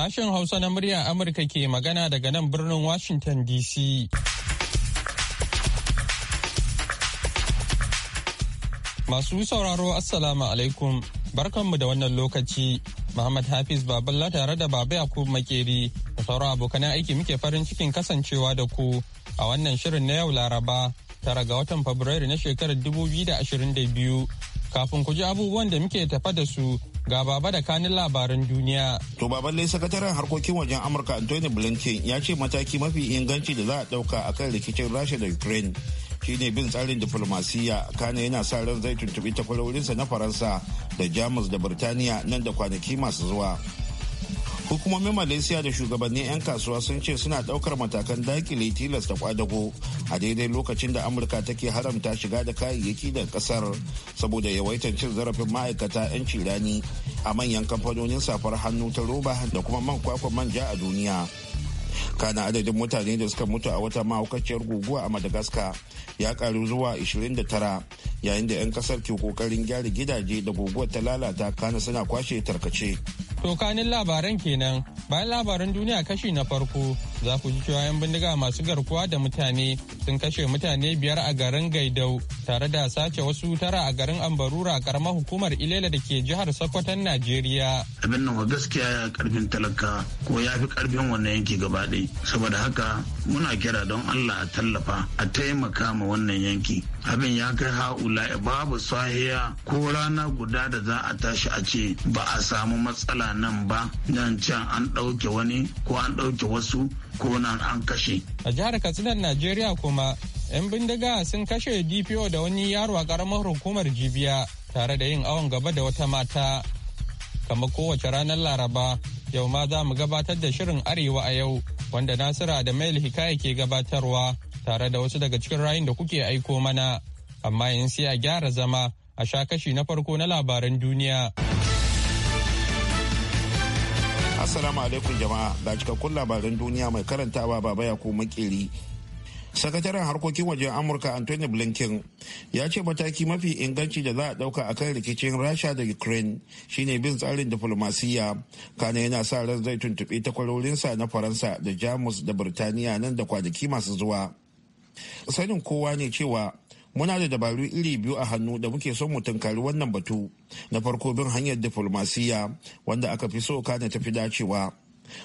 Sashen Hausa na murya Amurka ke magana daga nan birnin Washington DC. Masu sauraro Assalamu alaikum barkanmu da wannan lokaci. Muhammad Hafiz Baballa tare da Baba Yakub Makeri da sauran abokan aiki muke farin cikin kasancewa da ku a wannan shirin na yau Laraba tara ga watan Fabrairu na shekarar 2022 kafin ku ji abubuwan da muke tafa da su Ga baba da kanin labaran duniya. To baban lai sakataren harkokin wajen Amurka Anthony Blinken ya ce mataki mafi inganci da za a ɗauka a kan rikicin Rasha da Ukraine shine bin tsarin diflomasiyya kana yana sa ran zai tuntubi takwarorinsa na Faransa da Jamus da Birtaniya nan da kwanaki masu zuwa. hukumomin malaysia da shugabannin 'yan kasuwa sun ce suna daukar matakan dakile tilasta kwadago a daidai lokacin da amurka take haramta shiga da kayayyaki da kasar saboda yawaitar cin zarafin ma'aikata 'yan cirani a manyan kamfanonin safar hannu ta roba da kuma man kwakwan manja a duniya kana adadin mutane da suka mutu a wata mahaukaciyar guguwa a madagascar ya karu zuwa 29 yayin da 'yan kasar ke kokarin gyara gidaje da guguwar ta lalata kana suna kwashe tarkace Tokanin labaran kenan bayan labaran duniya kashi na farko za ku ji cewa 'yan bindiga masu garkuwa da mutane sun kashe mutane biyar a garin Gaidau tare da sace wasu tara a garin Ambarura karamar hukumar Ilela da ke jihar Sokoton Najeriya. Abin nan wa gaskiya ya karfin talaka ko ya fi karfin wannan yanki gaba ɗaya saboda haka muna kira don allah a tallafa a taimaka ma wannan yanki abin ya kai ha'ula babu sahiya ko rana guda da za a tashi a ce ba a samu matsala nan ba nan can an ɗauke wani ko an ɗauke wasu ko nan an kashe a jihar katsinan najeriya kuma 'yan bindiga sun kashe dpo da wani yaro a karamar hukumar jibiya tare da yin awon gaba da wata mata kamar kowace ranar laraba Yau ma za mu gabatar da shirin Arewa a yau wanda Nasira da Mail Hikaya ke gabatarwa tare da wasu daga cikin rayun da kuke aiko mana. Amma in sai a gyara zama a sha kashi na farko na labaran duniya. Assalamu alaikum jama'a da cikakkun labaran duniya mai karantawa baba ya ko makeri sakataren harkokin wajen amurka antony blinken ya ce mataki mafi inganci da za a dauka akan rikicin rasha da ukraine shine bin tsarin diflomasiyya kana yana sa ran zai tuntuɓi takwarorinsa na faransa da jamus da birtaniya nan da kwanaki masu zuwa sanin kowa ne cewa muna da dabaru iri biyu a hannu da muke son mu tunkari wannan batu na farko bin hanyar diflomasiyya wanda aka fi so kana tafi dacewa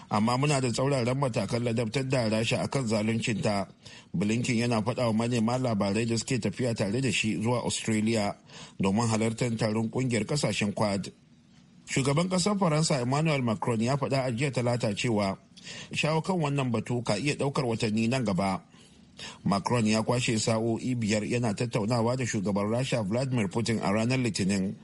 amma muna da tsauraran matakan ladabtar da rasha akan zaluncinta blinken yana faɗa manema labarai da suke tafiya tare da shi zuwa australia domin halartar taron kungiyar kasashen quad shugaban ƙasar faransa emmanuel macron ya faɗa a jiya talata cewa shawo kan wannan batu ka iya ɗaukar watanni nan gaba macron ya kwashe sa'o'i biyar yana tattaunawa da shugaban rasha vladimir putin a ranar litinin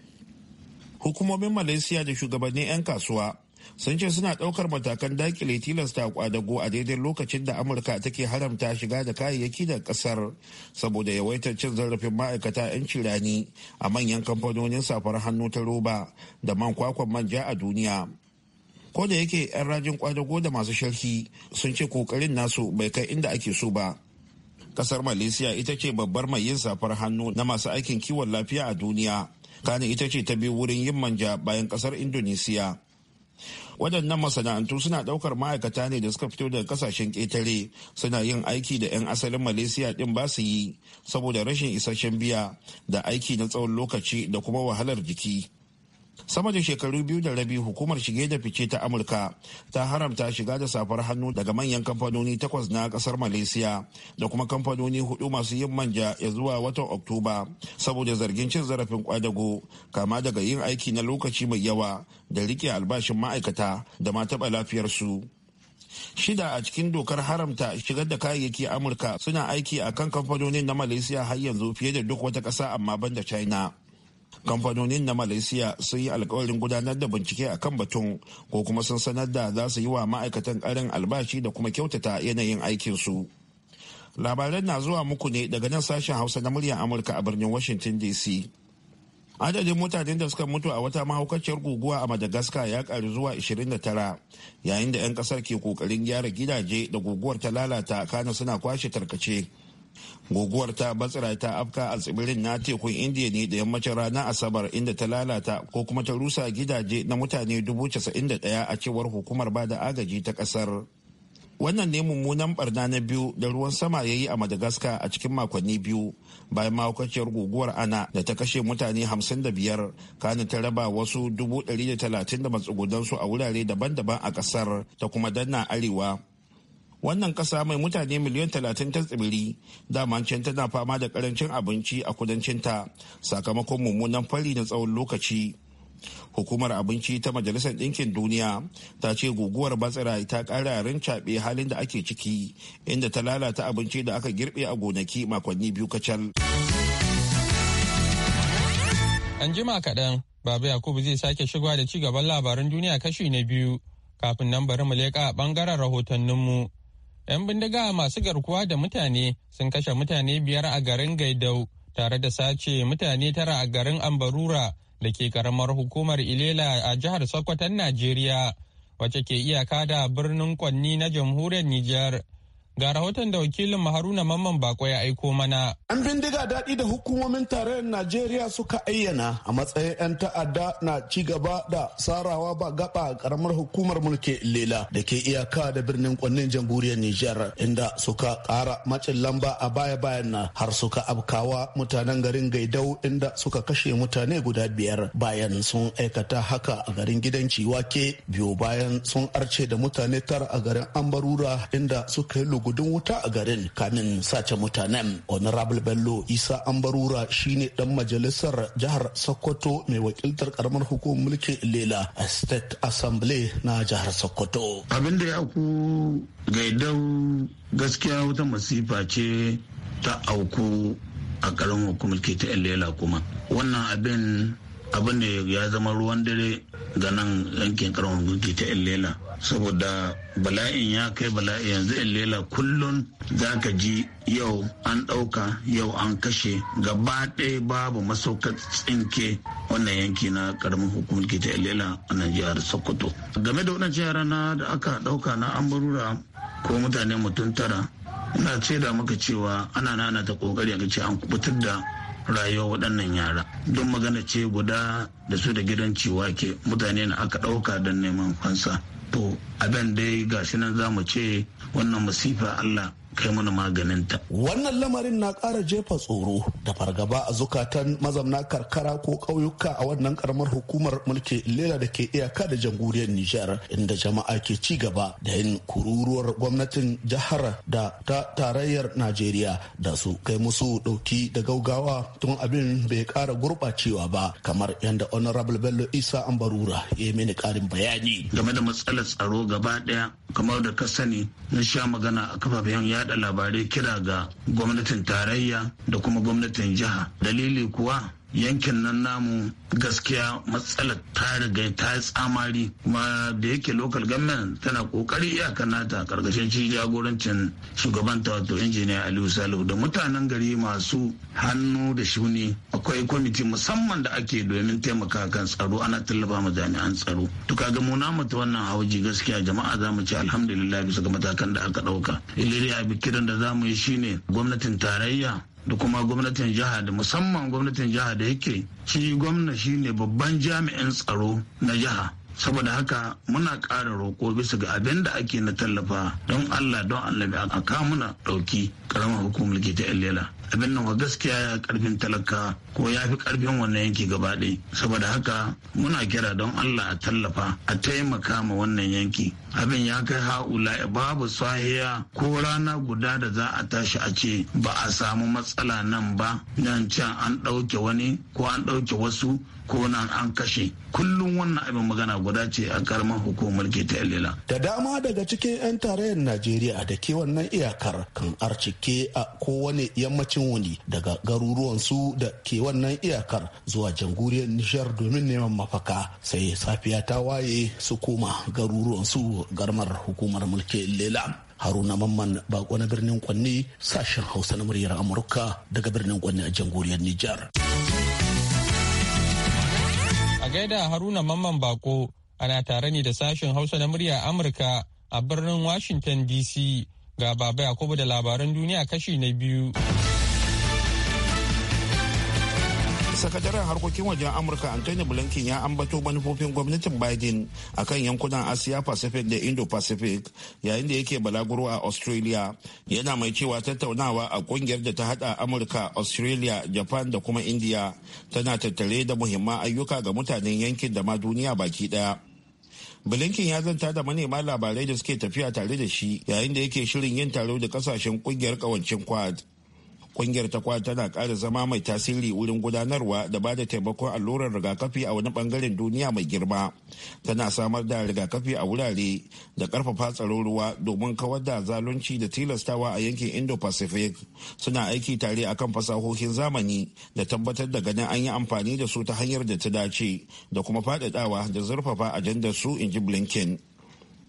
hukumomin malaysia da shugabannin 'yan kasuwa sun ce suna ɗaukar matakan dakile tilasta kwadago a daidai lokacin da amurka take haramta shiga da kayayyaki da ƙasar saboda yawaitar cin zarafin ma'aikata 'yan cirani a manyan kamfanonin safar hannu ta roba da man kwakwan manja a duniya ko da yake 'yan rajin kwadago da masu sharhi sun ce kokarin nasu bai kai inda ake so ba kasar malaysia ita ce babbar mai yin safar hannu na masu aikin kiwon lafiya a duniya kane ita ce ta biyu wurin yin manja bayan kasar indonesia waɗannan masana'antu suna ɗaukar ma'aikata ne da suka fito daga kasashen ƙetare suna yin aiki da 'yan asalin malaysia ɗin ba su yi saboda rashin isasshen biya da aiki na tsawon lokaci da kuma wahalar jiki sama da shekaru biyu da rabi hukumar shige da fice ta amurka ta haramta shiga da safar hannu daga manyan kamfanoni takwas na kasar malaysia da kuma kamfanoni hudu masu yin manja ya zuwa watan oktoba saboda zargin cin zarafin kwadago kama daga yin aiki na lokaci mai yawa da rike albashin ma'aikata da ma taɓa lafiyarsu shida a cikin dokar haramta shigar da kayayyaki amurka suna aiki a kan kamfanonin na malaysia har yanzu fiye da duk wata ƙasa amma banda china kamfanonin na malaysia sun yi alkawarin gudanar da bincike a kan batun ko kuma sun sanar da za su yi wa ma'aikatan karin albashi da kuma kyautata yanayin aikinsu labaran na zuwa muku ne daga nan sashen hausa na muryar amurka a birnin washington dc adadin mutanen da suka mutu a wata mahaukaciyar guguwa a madagascar ya karu zuwa 29 yayin da 'yan kasar ke kokarin gyara gidaje da guguwar ta lalata kana suna kwashe tarkace guguwar ta batsira ta afka a tsibirin na tekun indiya ne da yammacin ranar asabar inda ta lalata ko kuma ta rusa gidaje na mutane 91 a cewar hukumar ba da agaji ta kasar wannan ne mummunan barna na biyu da ruwan sama ya yi a madagascar a cikin makonni biyu bayan mahaukaciyar guguwar ana da ta kashe mutane 55 kana ta raba wasu 130 da matsugudansu a wurare daban-daban a kasar ta kuma danna arewa wannan ƙasa mai mutane miliyan talatin ta tsibiri daman can tana fama da ƙarancin abinci a kudancin ta sakamakon mummunan fari na tsawon lokaci hukumar abinci ta majalisar ɗinkin duniya ta ce guguwar batsira ta ƙara rincaɓe halin da ake ciki inda ta lalata abinci da aka girbe a gonaki makonni biyu kacal an jima kaɗan baba yakubu zai sake shigowa da ci gaban labaran duniya kashi na biyu kafin nan bari mu leƙa ɓangaren rahotanninmu 'Yan bindiga masu garkuwa da mutane sun kashe mutane biyar a garin Gaidau tare da sace mutane tara a garin Ambarura da ke karamar hukumar Ilela a jihar Sokoton Najeriya wacce ke iyaka da birnin Kwanni na jamhuriyar Nijar. Ga rahoton da wakilin Haruna Mamman Bako ya aiko mana. An bindiga daɗi da hukumomin tarayyar Najeriya suka ayyana a matsayin 'yan ta'adda na ci gaba da sarawa ba gaba karamar hukumar mulki Lela da ke iyaka da birnin kwannin jamhuriyar Nijar inda suka ƙara macin lamba a baya-bayan nan har suka abkawa mutanen garin Gaidau inda suka kashe mutane guda biyar bayan sun aikata haka a garin gidan Ciwake biyu bayan sun arce da mutane tara a garin Ambarura inda suka yi lugu gudun wuta a garin kamin sace mutanen honorable bello isa ambarura shine dan majalisar jihar sokoto mai wakiltar karamar hukumar mulkin lela a state assembly na jihar sokoto abin da ya ku gaidau gaskiya wata masifa ce ta auku a karamar hukumar mulki ta lela kuma wannan abin abu ne ya zama ruwan dare ga nan yankin karamar mulki ta lela saboda bala'in ya kai bala'i yanzu in lela kullun za ka ji yau an ɗauka yau an kashe gaba ɗaya babu masaukar tsinke wannan yanki na karamin hukumar ke ta lela a nan sokoto game da waɗancan yara na da aka ɗauka na ambarura ko mutane mutum tara ina ce da maka cewa ana nana ta kokari ga ce an kubutar da rayuwa waɗannan yara don magana ce guda da su da gidan cewa ke mutane na aka ɗauka don neman fansa to abin dai gashi nan za mu ce wannan masifa Allah kai mana maganin ta. Wannan lamarin na ƙara jefa tsoro da fargaba a zukatan mazamna karkara ko ƙauyuka a wannan karamar hukumar mulki lela da ke iyaka da jamhuriyar Nijar inda jama'a ke ci gaba da yin kururuwar gwamnatin jihar da ta tarayyar Najeriya da su kai musu ɗauki da gaugawa tun abin bai ƙara gurɓacewa ba kamar yadda Honorable Bello Isa Ambarura ya yi mini ƙarin bayani. Game da matsalar tsaro gaba ɗaya kamar da ka sani na sha magana a kafafen yada yada labarai kira ga gwamnatin tarayya da kuma gwamnatin jiha dalili kuwa yankin nan namu gaskiya matsalar ta riga ta tsamari kuma da yake local government tana kokari iyakar nata karkashin shi jagorancin shugaban ta wato injiniya aliyu salihu da mutanen gari masu hannu da shuni akwai kwamiti musamman da ake domin taimaka kan tsaro ana tallafa ma jami'an tsaro to ga mu namu ta wannan hauji gaskiya jama'a za mu ci alhamdulillah bisa ga matakan da aka dauka iliriya bikiran da za mu yi shine gwamnatin tarayya da kuma gwamnatin jiha da musamman gwamnatin jiha da yake shi gwamna shi ne babban jami'in tsaro na jiha saboda haka muna ƙara roƙo bisa ga abin da ake na tallafa don allah don allah a kamuna ɗauki ƙaramar hukumar ke ta abin nan gaskiya ya karfin talaka ko ya fi karfin wannan yanki gaba ɗaya saboda haka muna kira don allah a tallafa a taimaka ma wannan yanki abin ya kai ha'ula babu sahiya ko rana guda da za a tashi a ce ba a samu matsala nan ba nan can an ɗauke wani ko an ɗauke wasu ko nan an kashe kullum wannan abin magana guda ce a karamar hukumar ke ta ilila. da dama daga cikin 'yan tarayyar najeriya da ke wannan iyakar kan arcike a kowane yammacin cikin wuni daga su da ke wannan iyakar zuwa janguriyar Nijar domin neman mafaka sai safiya ta waye su koma garuruwansu garmar hukumar mulkin lela. Haruna Mamman bako na birnin Kwanni sashen Hausa na muryar Amurka daga birnin Kwanni a janguriyar Nijar. A gaida Haruna Mamman bako ana tare ne da sashen Hausa na muryar Amurka a birnin Washington DC ga Baba Yakubu da labaran duniya kashi na biyu. sakataren harkokin wajen amurka antony blinken ya ambato manufofin gwamnatin biden a kan yankunan asiya pacific da indo-pacific yayin da yake balaguro a australia yana mai cewa tattaunawa a kungiyar da ta hada amurka australia japan da kuma india tana tattare da muhimman ayyuka ga mutanen yankin da ma duniya baki daya blinken ya zanta da manema labarai da suke tafiya tare da shi yayin da yake shirin yin taro da kasashen kungiyar kawancin quad kungiyar ta kwa tana ƙara zama mai tasiri wurin gudanarwa da ba da taimakon allurar rigakafi a wani bangaren duniya mai girma tana samar da rigakafi a wurare da karfafa tsaron ruwa domin kawar da zalunci da tilastawa a yankin indo-pacific suna aiki tare akan fasahohin zamani da tabbatar da ganin an yi amfani da su ta hanyar da ta dace da kuma faɗaɗawa da zurfafa ajandar su in ji blinken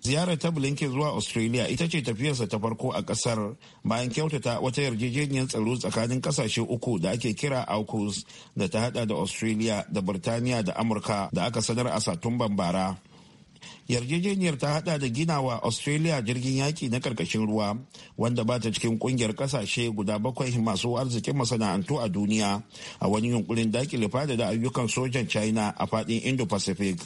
ziyarar ta blinken zuwa australia ita ce tafiyarsa ta farko a kasar bayan kyautata wata yarjejeniyar tsaro tsakanin kasashe uku da ake kira aukus da ta hada da australia da birtaniya da amurka da aka sanar a satumban bara yarjejeniyar ta hada da ginawa australia jirgin yaki na karkashin ruwa wanda ba ta cikin kungiyar kasashe guda bakwai masu arzikin masana'antu a duniya a wani yunkurin dakile fada da ayyukan sojan china a fadin indo-pacific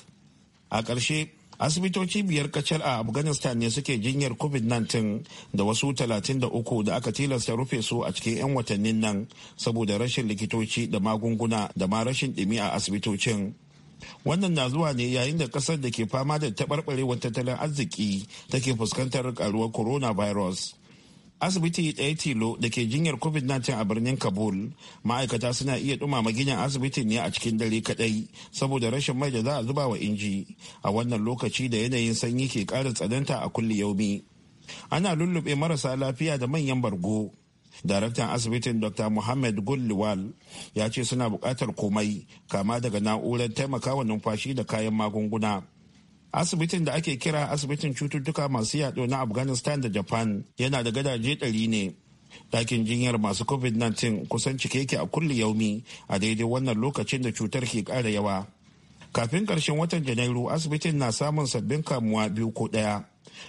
a ƙarshe asibitoci biyar kacal a afghanistan ne suke jinyar covid-19 da wasu 33 da aka tilasta rufe su a cikin 'yan watannin nan saboda rashin likitoci da magunguna da ma rashin ɗimi a asibitocin wannan na zuwa ne yayin da kasar da ke fama da taɓarɓarewar tattalin arziki take fuskantar karuwar coronavirus asibiti ɗaya tilo da ke jinyar covid-19 a birnin kabul ma'aikata suna iya dumama ginin asibiti ne a cikin dare kadai saboda rashin mai da za a zuba wa inji a wannan lokaci da yanayin sanyi ke ƙara tsananta a kulli yaumi ana lullube marasa lafiya da manyan bargo daraktan asibitin dr muhammad gulliwal ya ce suna buƙatar komai kama daga na'urar taimakawa numfashi da kayan magunguna asibitin da ake kira asibitin cututtuka masu yaɗo na afghanistan da japan yana da gadaje ɗari ne ɗakin jinyar masu covid-19 kusan cike yake a kulli yaumi a daidai wannan lokacin da cutar ke ƙara yawa kafin ƙarshen watan janairu asibitin na samun sabbin kamuwa biyu ko ɗaya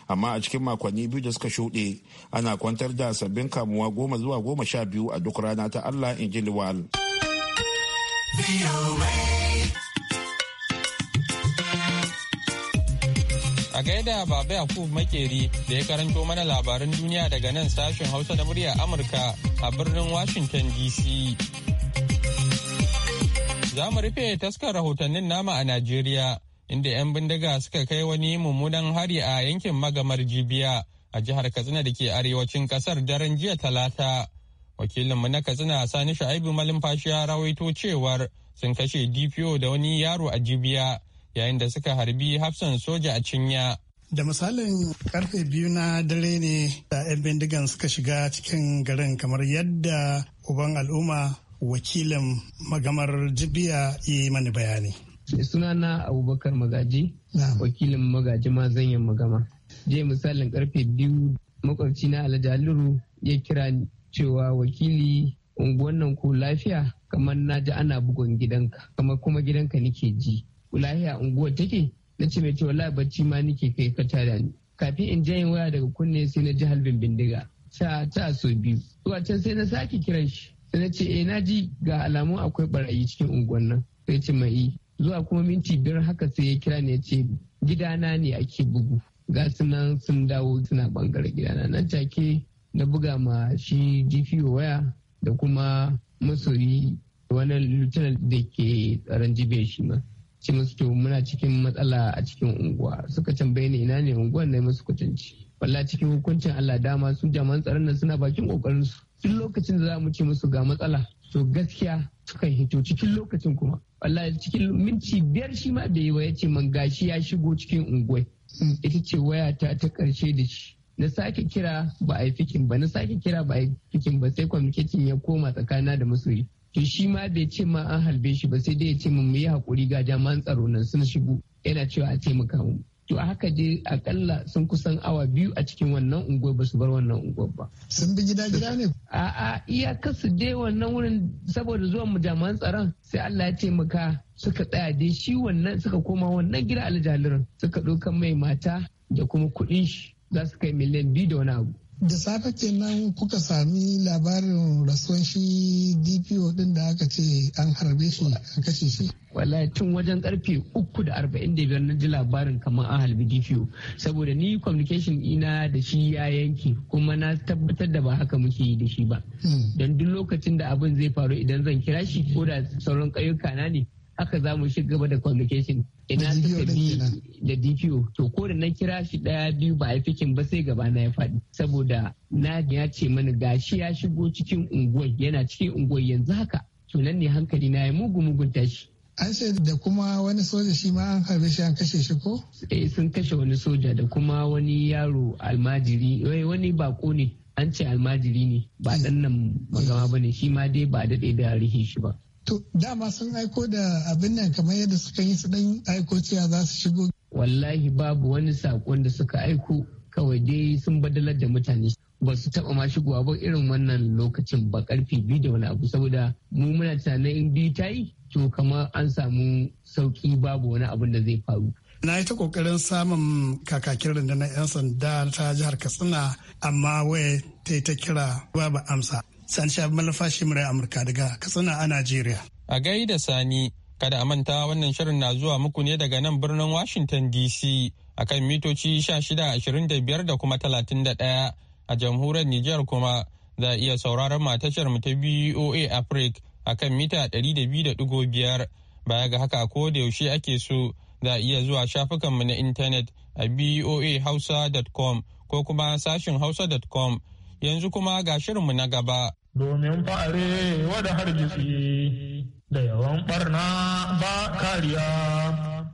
amma a cikin makonni biyu da suka shuɗe ana kwantar da sabbin kamuwa goma zuwa goma sha biyu a duk rana ta allah in ji liwal. A gaida Baba Yakubu Makeri da ya karanto mana labaran duniya daga nan sashen Hausa na murya Amurka a birnin Washington DC. Za mu rufe taskar rahotannin nama a Najeriya, inda 'yan bindiga suka kai wani mummunan hari a yankin magamar Jibiya a jihar Katsina da ke arewacin kasar daren jiya talata. Wakilinmu na Katsina Sani Sha'ibu Malumfashi ya rawaito cewar sun kashe DPO da wani yaro a Jibiya. yayin da suka harbi hafsan soja a cinya. Da misalin karfe biyu na dare ne da 'yan bindigan suka shiga cikin garin kamar yadda uban al'umma wakilin magamar jibiya yi mani bayani. na Abubakar Magaji, wakilin magaji ma zanyen magama. Je misalin karfe biyu makwabci na ya kira cewa wakili unguwan nan lafiya kamar na ji ana bugon gidanka kamar kuma gidanka nake ji a unguwar take na ce mai cewa wallahi bacci ma nike kai ka da ni kafin in yin waya daga kunne sai na ji halbin bindiga ta ta so biyu zuwa can sai na sake kiran shi sai na ce eh na ji ga alamu akwai barayi cikin unguwar nan sai ce mai eh. zuwa kuma minti biyar haka sai ya kira ne ya ce gidana ne ake bugu ga nan sun dawo suna bangaren gidana nan take na buga ma shi GPO waya da kuma masoyi wani lieutenant da ke tsaron jibe shi ma ce musu to muna cikin matsala a cikin unguwa suka tambaye ni ina ne unguwar na musu kucinci walla cikin hukuncin Allah dama su jaman tsaron nan suna bakin kokarin su duk lokacin da za mu ce musu ga matsala to gaskiya sukan hito cikin lokacin kuma walla cikin minti biyar shi ma bai yi ba yace man gashi ya shigo cikin unguwa ita ce wayata ta karshe da shi na sake kira ba a yi fikin ba na sake kira ba a yi fikin ba sai kwamitin ya koma tsakana da masoyi to shi ma bai ce ma an halbe shi ba sai dai ya ce mu yi hakuri ga jami'an tsaro nan sun shigo yana cewa a taimaka mu to haka dai akalla sun kusan awa biyu a cikin wannan unguwar ba su bar wannan unguwar ba. Sun bi gida gida ne? A'a kasu dai wannan wurin saboda zuwan mu jami'an tsaron sai Allah ya taimaka suka tsaya dai shi wannan suka koma wannan gida aljalirin suka ɗaukan mai mata da kuma kuɗin shi za su kai miliyan biyu da wani abu. da safe kenan kuka sami labarin rasuwan shi dpo din da aka ce an harbe shi an kashe shi wallahi tun wajen karfe uku da arba'in da na ji labarin kamar an halbi dpo saboda ni communication ina da shi ya yanki kuma na tabbatar da ba haka muke yi da shi ba hmm. don duk lokacin da abin zai faru idan zan kira shi ko da sauran ƙauyuka na ne haka za mu shiga da communication ina suka bi da DPO to ko da na kira shi daya biyu ba a fikin ba sai gaba na ya faɗi saboda na ya ce mana gashi ya shigo cikin unguwar yana cikin unguwar yanzu haka to nan ne hankali na ya mugu mugun tashi an ce da kuma wani soja shi ma an harbe shi an kashe shi ko? eh sun kashe wani soja da kuma wani yaro almajiri eh, wani bako ne an ce almajiri ne ba dan nan magama ba ne shi ma dai ba daɗe da rihi shi ba To dama sun aiko da abin nan kamar yadda suka yi su dan aiko cewa za su shigo. Wallahi babu wani saƙon da suka aiko kawai dai sun badalar da mutane. ba su taba ma shigowa ba irin wannan lokacin ba karfi biyu da wani abu saboda mu muna tunanin in biyu ta yi to kamar an samu sauki babu wani abin da zai faru. Na yi ta kokarin samun kakakin rundunar 'yan sanda ta jihar Katsina amma wai ta yi ta kira babu amsa. Sani Shabi Malafashi Murai Amurka daga Katsina a Najeriya. A gaida Sani, kada a manta wannan shirin na zuwa muku ne daga nan birnin Washington DC a kan mitoci 1625 da kuma 31 a jamhuriyar Nijar kuma za a iya sauraron matashar mu ta BOA Africa a kan mita 200.5 baya ga haka ko da yaushe ake so za a iya zuwa shafukanmu na intanet a boahausa.com ko kuma sashin hausa.com Yanzu kuma ga shirinmu na gaba. Domin fa'are wada hargitsi da yawan barna ba kariya.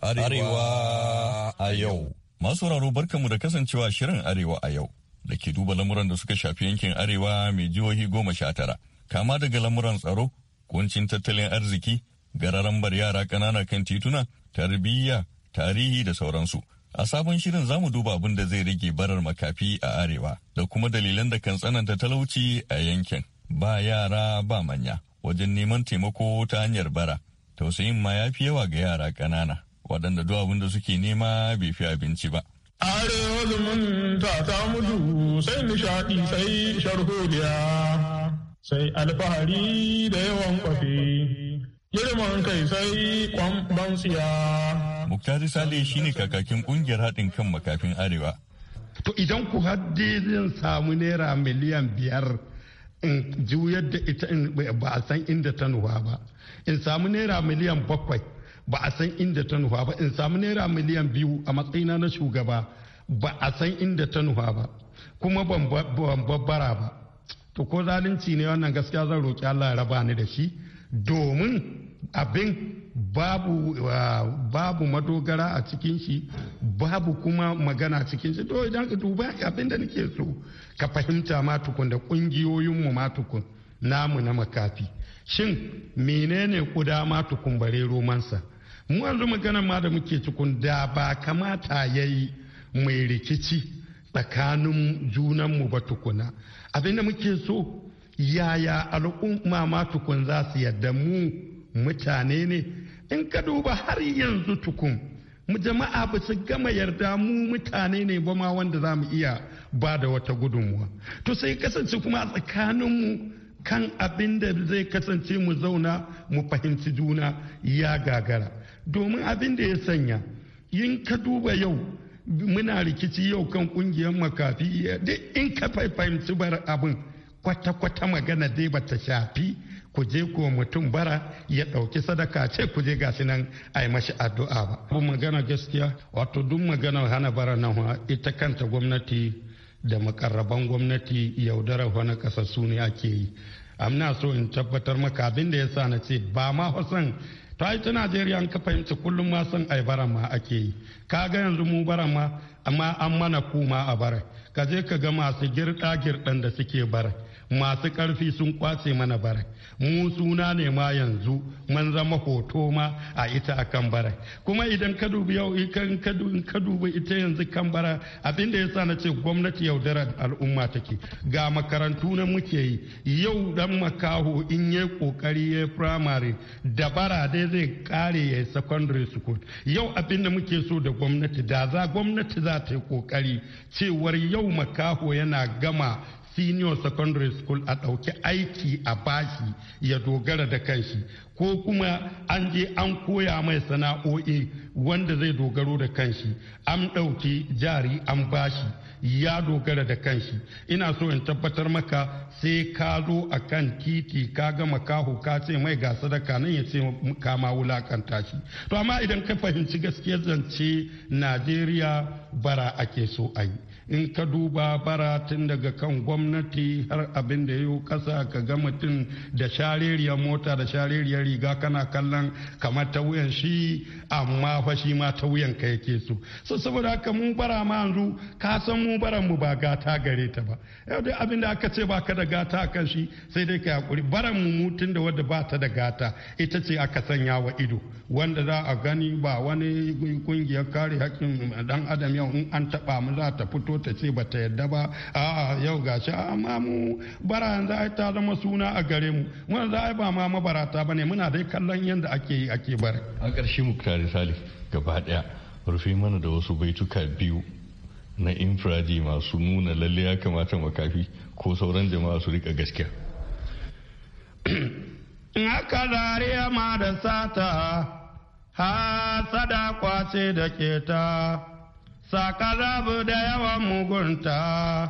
Arewa a yau. Masu raro barkanmu da kasancewa shirin Arewa a yau da ke duba lamuran da suka shafi yankin Arewa mai jihohi goma sha tara. Kama daga lamuran tsaro, kuncin tattalin arziki, gararan bar yara ƙanana kan tituna, tarbiyya, tarihi da sauransu. A sabon shirin za mu duba abin da zai rage barar makafi a arewa da kuma dalilan da kan tsananta talauci a yankin. Ba yara ba manya wajen neman taimako ta hanyar bara. Tausayin ma ya fi yawa ga yara ƙanana waɗanda duk abin da suke nema bai fi abinci ba. Arewa zumunta ta mudu, sai nishaɗi sai sharholiya sai alfahari da yawan kwafi. Girman kai sai kwamban siya. Muktari Sale shine kakakin kungiyar haɗin kan makafin Arewa. To idan ku haddi zan samu naira miliyan biyar in juyar da ita ba a san inda ta nufa ba. In samu naira miliyan bakwai ba a san inda ta nufa ba. In samu naira miliyan biyu a matsayina na shugaba ba a san inda ta nufa ba. Kuma ban babbara ba. To ko zalunci ne wannan gaskiya zan roƙi Allah ya raba ni da shi domin abin babu babu madogara a cikin shi babu kuma magana a cikin shi to idan ka duba abinda nake so ka fahimta ma tukun da kungiyoyin mu ma tukun namu na makafi shin menene kuda ma tukun bare romansa mu yanzu magana ma da muke tukun da ba kamata yayi mai rikici tsakanin junan mu ba tukuna abinda muke so yaya al'umma ma tukun za su yadda mu mutane ne in ka duba har yanzu tukun mu jama'a ba su gama yarda mu mutane ne ba ma wanda za mu iya ba da wata gudunmuwa to sai kasance kuma a tsakaninmu kan abin da zai kasance mu zauna mu fahimci juna ya gagara domin abin da ya sanya yin ka duba yau muna rikici yau kan kungiyar makafi duk in ka fahimci bar abin kwata-kwata magana dai bata shafi ku je ku mutum bara ya ɗauki sadaka ce ku je gashi nan a yi mashi addu'a ba. Abu magana gaskiya wato duk magana hana bara nan ita kanta gwamnati da makarraban gwamnati yaudarar wani su ne ake yi. amna so in tabbatar maka abin da ya sa na ce ba ma hosan ta yi ta najeriya an ka fahimci kullum ma son ai bara ma ake yi ka ga yanzu mu bara ma amma an mana kuma a bara ka je ka ga masu girɗa girɗan da suke bara masu karfi sun kwace mana barai mu suna ne ma yanzu mun zama hoto ma a ita a kan barai kuma idan ka dubi yau ka dubi ita yanzu kan bara abin da yasa na ce gwamnati yaudara al'umma take ga makarantu na muke yi yau dan makaho in yi kokari ya primary da bara dai zai kare ya secondary school yau abin da muke so da gwamnati da za gwamnati za ta yi kokari cewar yau makaho yana gama senior secondary school a ɗauki aiki a bashi ya dogara da kanshi ko kuma an je an koya mai sana'o'i wanda zai dogaro da kanshi an ɗauki jari an bashi ya dogara da kanshi ina so in tabbatar maka sai ka zo a kan titi ka ga makaho ka ce mai ga sadaka nan ya ce kama wulakanta shi to amma idan ka fahimci gaskiyar zance najeriya bara ake so a yi in ka duba bara tun daga kan gwamnati har abin da yau kasa ka ga mutum da shaririyar mota da shareriyar riga kana kallon kamar ta wuyan shi amma fa shi ma ta wuyan ka yake so so saboda haka mun bara ma yanzu ka san mu baran mu ba gata gare ta ba yau dai abin da aka ce ba ka da gata kan shi sai dai ka hakuri baran mu mutun da wadda ba ta da gata ita ce aka sanya wa ido wanda za a gani ba wani kungiyar kare haƙƙin dan adam yau in an taɓa mu za ta fito ta ce ba ta yadda ba a'a yau gashi amma ah, mu bara yanzu ai ta zama suna a gare mu mun za ai ba ma mabarata bane muna dai kallon yanda ake yi ake bari a karshe mu tare sali gaba daya rufe mana da wasu baituka biyu na infraji masu nuna lalle ya kamata makafi ko sauran jama'a su rika gaskiya in haka zariya ma da sata ha sada kwace da keta saka rabu da yawan mugunta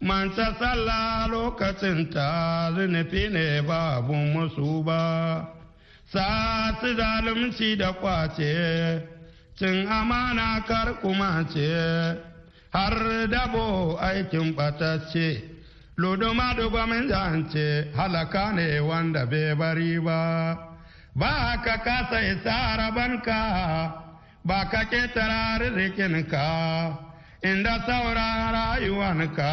manta sallah ta zunufi ne ba musu ba sa'atu zalunci da kwace cin amana kar kuma ce har dabo aikin ɓatacce luduma dubamin zance halaka ne wanda bai bari ba ba ka kasa isa rabanka ba ka ketara ka inda rayuwan ka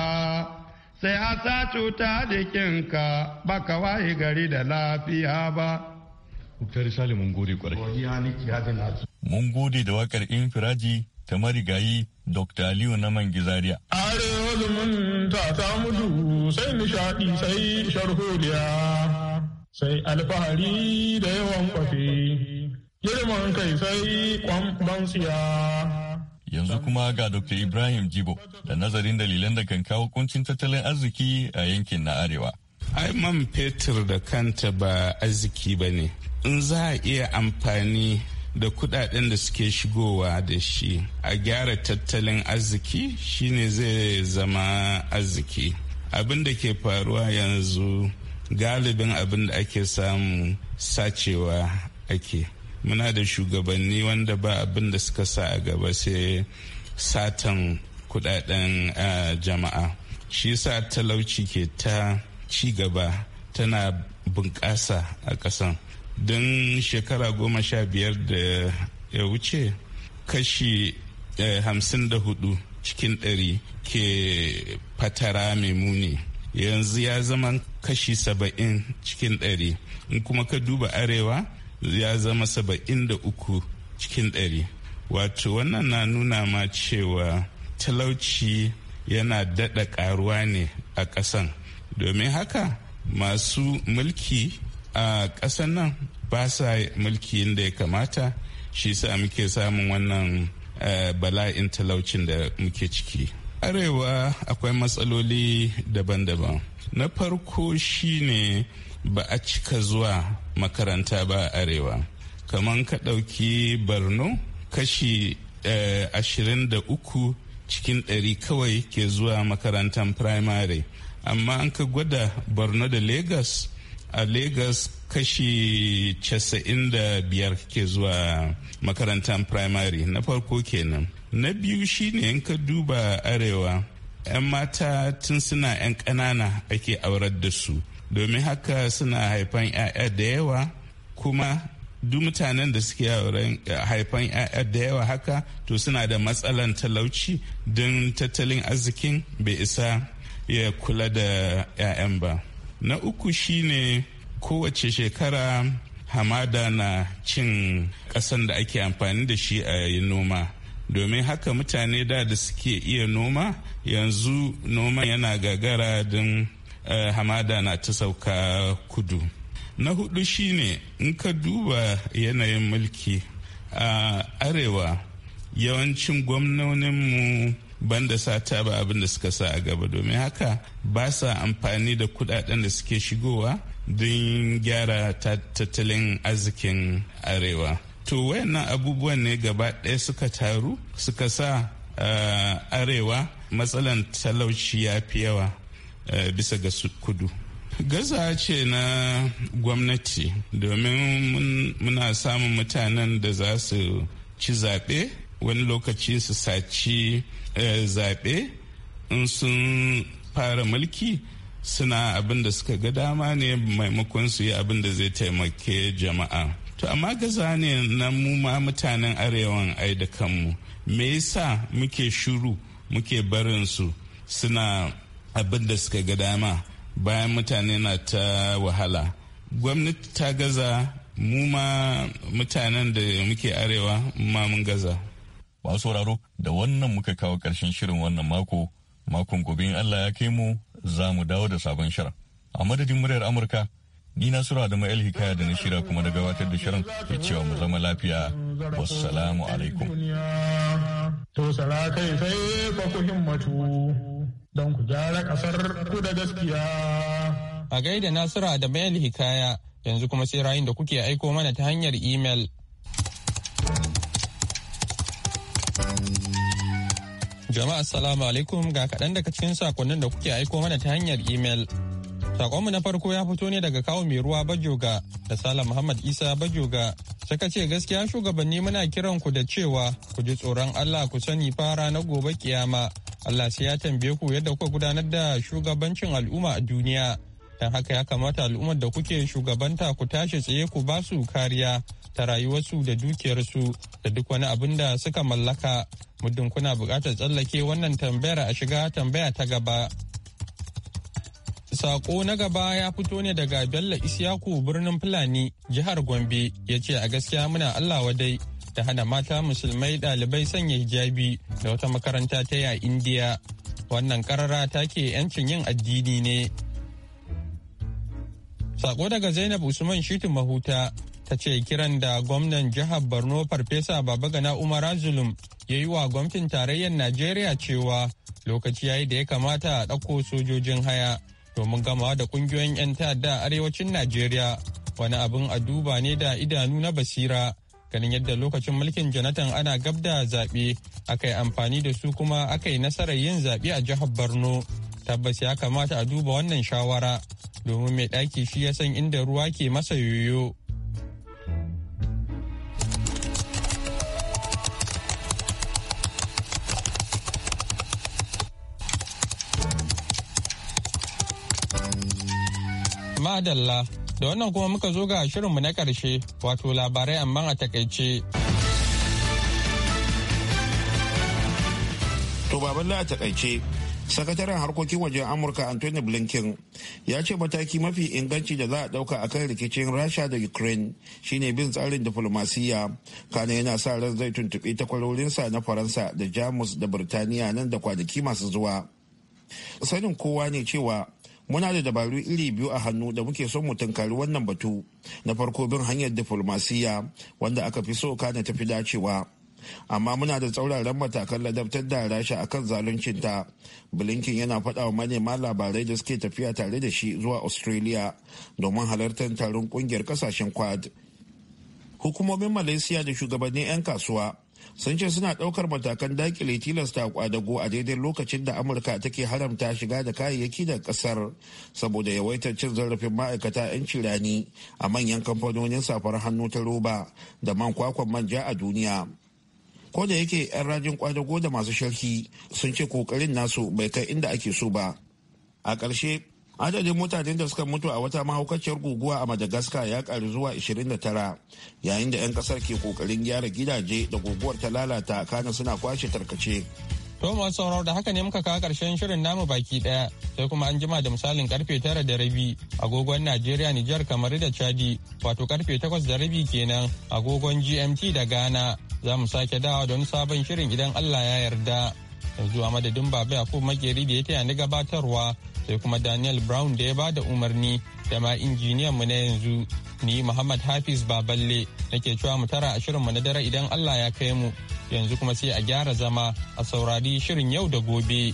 sai a sa cuta jikinka ba ka wayi gari da lafiya ba. Muktar Salim mun gode kwarai. Mun gode da wakar infiraji ta marigayi Dr. Aliyu na Mangizariya. Arewa zumunta ta mudu sai nishaɗi sai sharholiya sai alfahari da yawan kwafi. girma kai sai ban siya yanzu kuma ga Dr. Ibrahim Jibo da nazarin dalilan da kan kawo kuncin tattalin arziki a yankin na Arewa. Ai man fetur da kanta ba arziki ba ne. In za a iya amfani da kudaden da suke shigowa da shi a gyara tattalin arziki shine zai zama arziki. Abin da ke faruwa yanzu galibin abin da ake samu sacewa ake. muna da shugabanni wanda ba abin da suka sa a gaba sai satan kudaden jama'a shi sa talauci ke ta ci gaba tana bunƙasa a ƙasan don shekara goma sha biyar da ya wuce kashi e, hamsin da hudu cikin ɗari ke fatara mai muni yanzu ya zama kashi saba'in cikin ɗari in kuma ka duba arewa ya zama saba'in da uku cikin ɗari wato wannan na nuna ma cewa talauci yana daɗa ƙaruwa ne a ƙasan domin haka masu mulki a ƙasan nan ba sa mulki inda ya kamata shi sa muke samun wannan eh, bala'in talaucin da muke ciki arewa akwai matsaloli daban-daban na farko shi ne. ba a cika zuwa makaranta ba a arewa kaman ka ɗauki borno kashi eh, ashirin da uku cikin ɗari kawai ke zuwa makarantar primary amma an ka gwada borno da legas a legas kashi casa'in da biyar ke zuwa makarantar primary na farko kenan na biyu shine in ka duba arewa 'yan mata tun suna 'yan ƙanana ake aurar da su domin haka suna haifan 'ya'ya da yawa kuma duk mutanen da suke yawon eh, haifan 'ya'ya da yawa haka to suna da matsalan talauci don tattalin arzikin bai isa ya kula da 'ya'yan ba na uku shine kowace shekara hamada na cin ƙasan da ake amfani da shi a yi noma domin haka mutane da da suke iya noma yanzu noma yana gagara don Eh, hamada na ta sauka kudu na hudu shine in ka duba yanayin mulki a arewa yawancin gwamnoninmu banda sata ba abinda suka sa a gaba domin haka ba sa amfani da kudaden da suke shigowa don gyara tattalin arzikin arewa to wayannan abubuwan ne gaba ɗaya suka taru suka sa eh, arewa matsalan talauci ya fi yawa Eh, bisa ga kudu gaza ce na gwamnati domin muna samun mutanen da za su ci zaɓe wani lokaci su saci eh, zaɓe in sun fara mulki suna abin da suka ga dama ne maimakon su yi abin da zai taimake jama'a to amma gaza ne na mu ma mutanen arewan ai da kanmu me yasa muke shuru muke barin su suna abin da suka ga dama bayan mutane na ta wahala gwamnati ta gaza mu ma mutanen da muke arewa ma mun gaza masu sauraro da wannan muka kawo ƙarshen shirin wannan mako makon gobe in Allah ya kai mu za mu dawo da sabon shirin a madadin muryar amurka ni na sura da ma'il hikaya da na shira kuma da gabatar da shirin ke cewa mu zama lafiya wassalamu alaikum to sara kai sai ku himmatu don ku gyara kasar ku da gaskiya. A gaida Nasira da bayan Hikaya yanzu kuma sai rayun da kuke aiko mana ta hanyar imel. Jama'a salamu alaikum ga kaɗan daga cikin sakonnin da kuke aiko mana ta hanyar imel. Sakonmu na farko ya fito ne daga kawo mai ruwa Bajoga da Sala Muhammad Isa Bajoga. Saka ce gaskiya shugabanni muna kiran ku da cewa ku ji tsoron Allah ku sani fara na gobe kiyama Allah sai ya tambaye ku yadda kuka gudanar da shugabancin al'umma a duniya don haka ya kamata al'ummar da kuke shugabanta ku tashi tsaye ku ba su kariya ta rayuwarsu da dukiyarsu da duk wani abin da suka mallaka muddin kuna buƙatar tsallake wannan tambayar a shiga tambaya ta gaba. Sako na gaba ya fito ne daga Bello isiyaku birnin Fulani, jihar Gombe, ya ce a gaskiya muna Allah wadai ta hana mata musulmai ɗalibai sanya hijabi da wata makaranta ta ya indiya wannan karara ta take 'yancin yin addini ne sako daga zainab usman shitu mahuta ta ce kiran da gwamnan jihar borno farfesa babagana umar azulum ya yi wa gwamnatin tarayyar najeriya cewa lokaci ya yi da ya kamata a ɗauko sojojin haya domin gamawa da kungiyoyin 'yan ta'adda a arewacin najeriya wani abin a duba ne da idanu na basira ganin yadda lokacin mulkin jonathan ana gab da zaɓe aka yi amfani da su kuma aka yi nasarar yin zaɓe a jihar borno tabbas ya kamata a duba wannan shawara domin mai ɗaki shi ya san inda ruwa ke masa yoyo madalla Da wannan kuma muka zo ga shirinmu na ƙarshe wato labarai amma a takaice. To baballe a takaice. sakataren harkokin wajen amurka anthony blinken ya ce mataki mafi inganci da za a dauka akan rikicin rasha da ukraine shine bin tsarin diflomasiyya kana yana sa ran zai tuntuɓi takwarorinsa na faransa da jamus da birtaniya nan da kwanaki masu zuwa sanin kowa ne cewa muna da dabaru iri biyu a hannu da muke son mu tunkari wannan batu na farko bin hanyar diplomasiya wanda aka fi so na tafi dacewa amma muna da tsauraran matakan ladabtar da rasha akan zaluncinta blinken yana faɗa wa manema labarai da suke tafiya tare da shi zuwa australia domin halartar taron kungiyar kasashen quad hukumomin malaysia da shugabannin 'yan kasuwa sun ce suna ɗaukar matakan dakile tilasta kwadago a daidai lokacin da amurka take haramta shiga da kayayyaki daga ƙasar saboda yawaitar cin zarafin ma'aikata 'yan cirani a manyan kamfanonin safar hannu ta roba da man kwakwan manja a duniya ko da yake 'yan rajin kwadago da masu sharhi sun ce kokarin nasu bai kai inda ake so ba a ƙarshe adadin mutanen da suka mutu a wata mahaukaciyar guguwa a madagascar ya karu zuwa 29 yayin da 'yan kasar ke kokarin gyara gidaje da guguwar ta lalata kana suna kwashe tarkace to masu sauraro da haka ne muka kawo karshen shirin namu baki daya sai kuma an jima da misalin karfe tara da rabi agogon najeriya nijar kamar da chadi wato karfe takwas da rabi kenan agogon gmt da ghana za mu sake dawa don sabon shirin idan allah ya yarda yanzu a madadin baba ku makeri da ya taya ni gabatarwa sai kuma Daniel Brown da ya ba da umarni da ma injiniyan mu na yanzu ni Muhammad Hafiz Baballe nake cewa mu tara shirin mu na dare idan Allah ya kai mu yanzu kuma sai a gyara zama a saurari shirin yau da gobe.